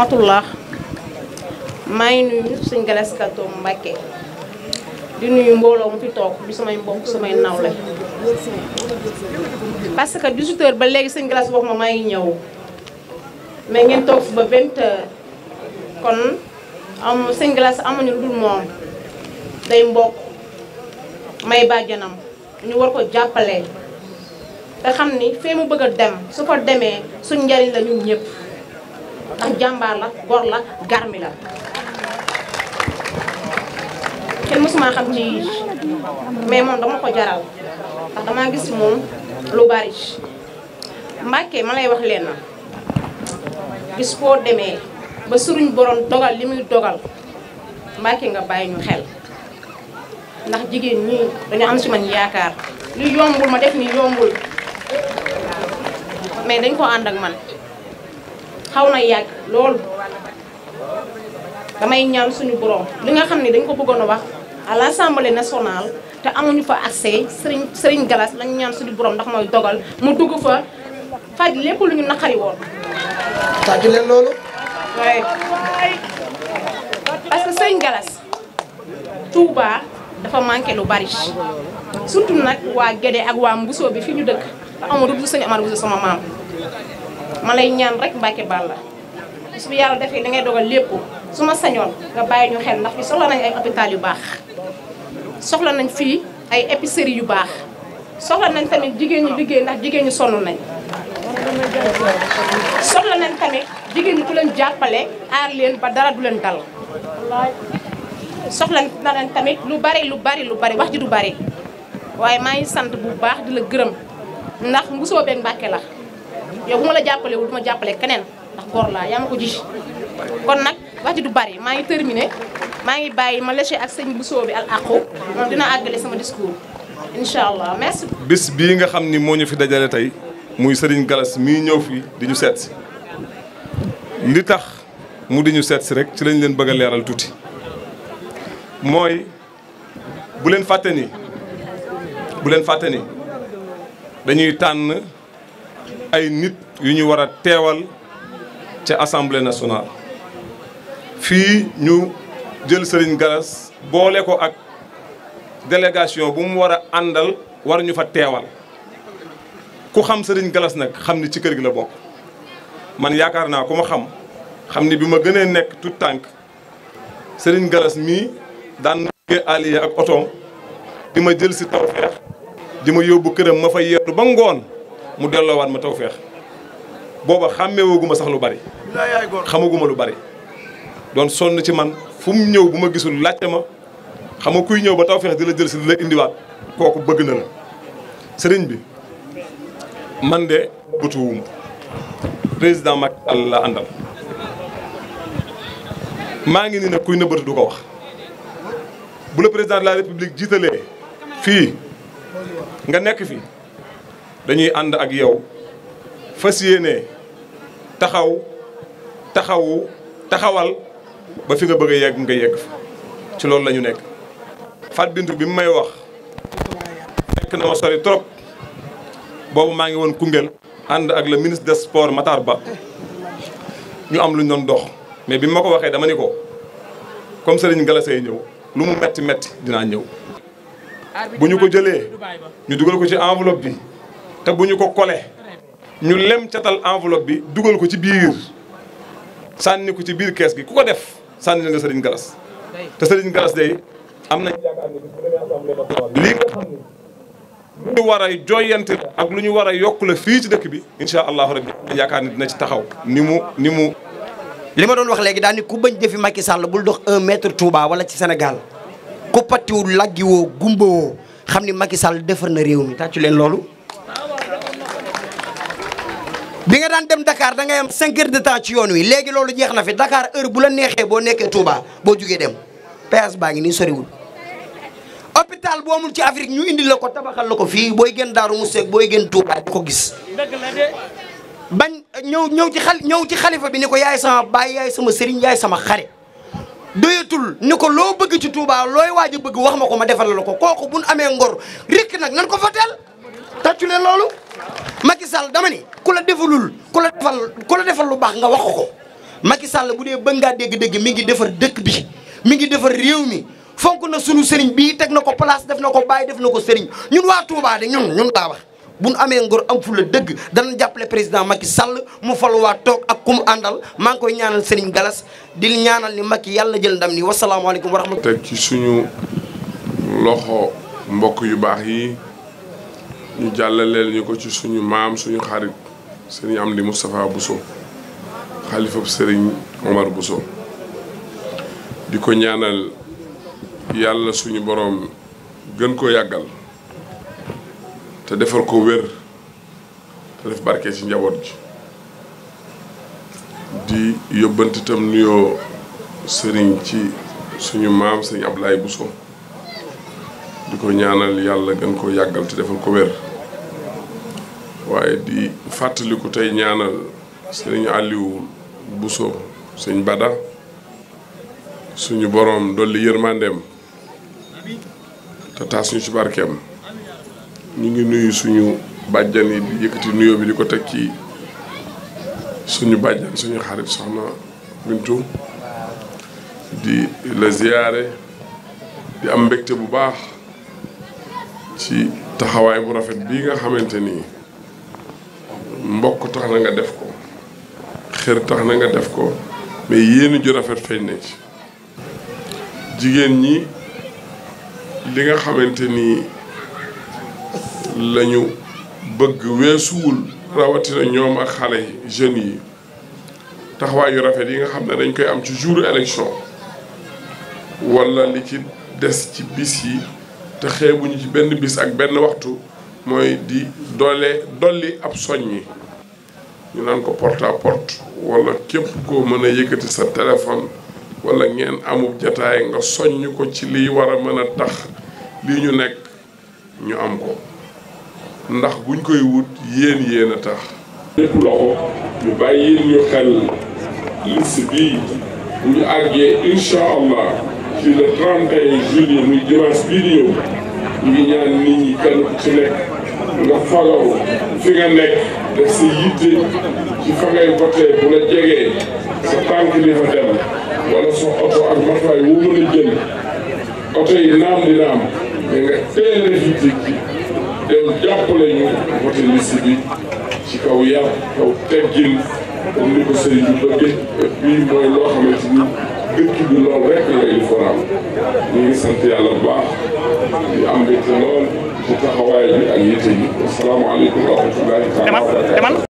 rahmatullah maa ngi nuyu suñ Gallass Kaltoum Mbacké di nuyu mbooloo mu fi toog bi samay mbokk samay nawle parce que 18 ba léegi suñ Gallass wax ma maa ngi ñëw mais ngeen toog ba 20h kon am suñ Gallass amuñu lu dul moom day mbokk may bàjjanam ñu war ko jàppale te xam ni fee mu bëgg a dem su ko demee suñ njariñ la ñun ndax jàmbaar la gor la garmi la kenn mësuma xam ci mais moom dama ko jaral ndax damaa gis moom lu bari Mbàkke ma lay wax leen na gis foo demee ba suruñ borom dogal li muy dogal Mbàkke nga bàyyi ñu xel ndax jigéen ñi dañu am ci man yaakaar lu yombul ma def ni yombul mais dañ ko ànd ak man xaw na yàgg loolu damay ñaan suñu borom li nga xam ne dañ ko bëggoon a wax à l' national te amuñu fa accès sëriñ sëriñ Galas lañu ñaan suñu borom ndax mooy dogal mu dugg fa faj lépp lu ñu naqari woon. faj leen loolu. parce que Serigne Galas Touba dafa manqué lu bari surtout nag waa Gédé ak waa Mbusoo bi fi ñu dëkk te amul lu dul Serigne Amar Bousso sama maam. ma lay ñaan rek Mbacke la bis bu yàlla defee li ngay dogal lépp su ma sañoon nga bàyyi ñu xel ndax fi soxla nañ ay hôpital yu baax soxla nañ fii ay épicerie yu baax soxla nañ tamit jigéen ñu liggéey ndax jigéen ñi sonn nañ soxla nañ tamit jigéen ñi leen jàppale aar leen ba dara du leen dal soxla nañ tamit lu bari lu bari lu bari wax ji du bari waaye maa ngi sant bu baax di la gërëm ndax mbusoo beeg Mbàkke la yow bu ma la jàppale wul du ma jàppale keneen ndax góor laa yaa ma ko ji kon nag wax ji du bari maa ngi terminé maa ngi bàyyi ma léché ak sëñ bu soobi al aqu moom dina àggale sama discours incha allah merci. bis bii nga xam ni moo ñu fi dajale tey muy sëriñ galas mii ñëw fii di ñu seet si li tax mu di ñu seet si rek ci lañ leen bëgg a leeral tuuti mooy bu leen fàtte ni bu leen fàtte ni dañuy tànn. ay nit yu ñu war a teewal ca assemblée nationale fii ñu jël sëriñ galas boole ko ak délégation bu mu war a àndal war ñu fa teewal ku xam sëriñ galas nag xam ni ci kër gi la bokk man yaakaar naa ku ma xam xam ni bi ma gënee nekk tout tànk sëriñ galas mii daan nagee allié ak otoom bi ma jël si tawfeex di ma yóbbu këram ma fa yeetu ba ngoon mu delloowaat ma tawféex booba xàmmee xàmmeewaguma sax lu bari xamaguma lu bari doon sonn ci man fu mu ñëw bu ma gisul laajte ma xam nga kuy ñëw ba tawféex di la jël si di la indiwaat kooku bëgg na la sëriñ bi man de butuwuma président ma Sall la àndal maa ngi nii nag kuy nëbbatu du ko wax bu la président de la république jiitalee fii nga nekk fi dañuy ànd ak yow fas yéene taxaw taxawu taxawal ba fi nga bëgg a yegg nga yegg fa ci loolu la ñu nekk. Fat Bintou bi mu may wax fekk na ma sori trop boobu maa ngi woon Koungheul. ànd ak le ministre de sports Matar Ba ñu am lu ñu doon dox mais bi ma ko waxee dama ni ko comme Serigne Galasey ñëw lu mu metti metti dinaa ñëw. bu ñu ko jëlee ñu dugal ko ci enveloppe bi. te bu ñu ko kole ñu lem catal enveloppe bi dugal ko ci biir sànni ko ci biir kees gi ku ko def sànni na nga Serigne Gallas te Serigne Gallas day am nañ ñu war a joyante ak lu ñu war a yokk la fii ci dëkk bi incha allahu rabbi yaakaar ne na ci taxaw ni mu ni mu li ma doon wax léegi daal ni ku bañ jëfi Macky Sall bul dox un mètre Touba wala ci senegal ku pattiwul laggiwoo gumbawoo xam ni Macky Sall defar na réew mi tàccu leen loolu bi nga daan dem dakaar da ngay am 5 de temps ci yoon wi léegi loolu jeex na fi Dakar heure bu la neexee boo nekkee Touba boo jugee dem péage baa ngi nii soriwul. hôpital boo mun ci Afrique ñu indi la ko tabaxal la ko fii booy gën Daaru mu Musse booy gën Touba ko gis. bañ ñëw ñëw ci xal ñëw ci xalifa bi ni ko yaay sama baay yaay sama sëriñ yaay sama xare. doyatul ni ko loo bëgg ci Touba looy waaj a bëgg wax ma ko ma defal la ko kooku buñ amee ngor rek nag nan ko fa tàccu leen loolu Macky Sall dama ni ku la defalul ku la defal lu baax nga wax ko Macky Sall bu dee bëgg ngaa dégg-dégg mi ngi defar dëkk bi mi ngi defar réew mi fonk na sunu sëriñ bii teg na ko place def na ko bàyyi def na ko sëriñ ñun waa Touba de ñun ñun laa bu nu amee ngor am fu la dëgg danañ jàppale président Macky Sall mu faluwaat toog ak ku mu àndal maa ngi koy ñaanal Serigne Galas di ñaanal ni Macky yàlla jël ndam ni wasalaamaaleykum wa rahmatulah. teg ci suñu loxo yu baax yi. ñu jàllaleel ñu ko ci suñu maam suñu xarit sëriñ Amdi Moustapha buso xalifab sëriñ Omar Bousso di ko ñaanal yàlla suñu boroom gën ko yàggal te defal ko wér te def barke ci njaboot gi di yóbbante itam sëriñ ci suñu maam sëriñ Ablaye Bousso di ko ñaanal yàlla gën ko yàggal te defal ko waaye di fàttaliku tey ñaanal sëriñ Aliou Bousso suñ Bada suñu boroom dolli yërmandeem te taas ñu ci barkeem ñu ngi nuyu suñu bàjjan yi di yëkkati nuyoo bi di ko teg ci suñu bàjjan suñu xarit soxna Bintu di la ziyaare di am mbégte bu baax ci taxawaay bu rafet bii nga xamante ni mbokk tax na nga def ko xër tax na nga def ko mais yéen ju rafet feeñ na ci jigéen ñi li nga xamante ni lañu bëgg weesuwul rawatina ñoom ak xale yi jeunes yi taxawaay yu rafet yi nga xam ne dañ koy am ci jour élection wala li ci des ci bis yi te xeebuñu ci benn bis ak benn waxtu mooy di doole dolli ab soññi ñu naan ko porte à porte képp koo mën a yëkkati sa téléphone wala ngeen amub jataay nga soññ ko ci liy war a mën a tax lii ñu nekk ñu am ko ndax buñ koy wut yéen yéen a tax lépp loxo ñu bàyyi ñu xel liste bii bu ñu àggee incha allah ci le 31 juillet muy dimanche bii di ñëw ñu ngi ñaan nit ñi kenn ku ci nekk nga falaw fi nga nekk def sa yitte ci fa ngay votee bu la jegee sa tànk di fa dem wala sa oto ak matuwaay wu mën a jënd oto yi naam di naam mais nga teel a yitte ji dem jàppale ñu voté liste bi ci kaw yar kaw teggin comme ni ko sëriñ bi bëgg et puis mooy loo xamante ni dëkk bi loolu rek la il faut am ñu ngi yàlla baax. di am mbégte lool ci taxawaay bi ak yitte yi asalaamaaleykum wa rahmatullahi taala wa barakatu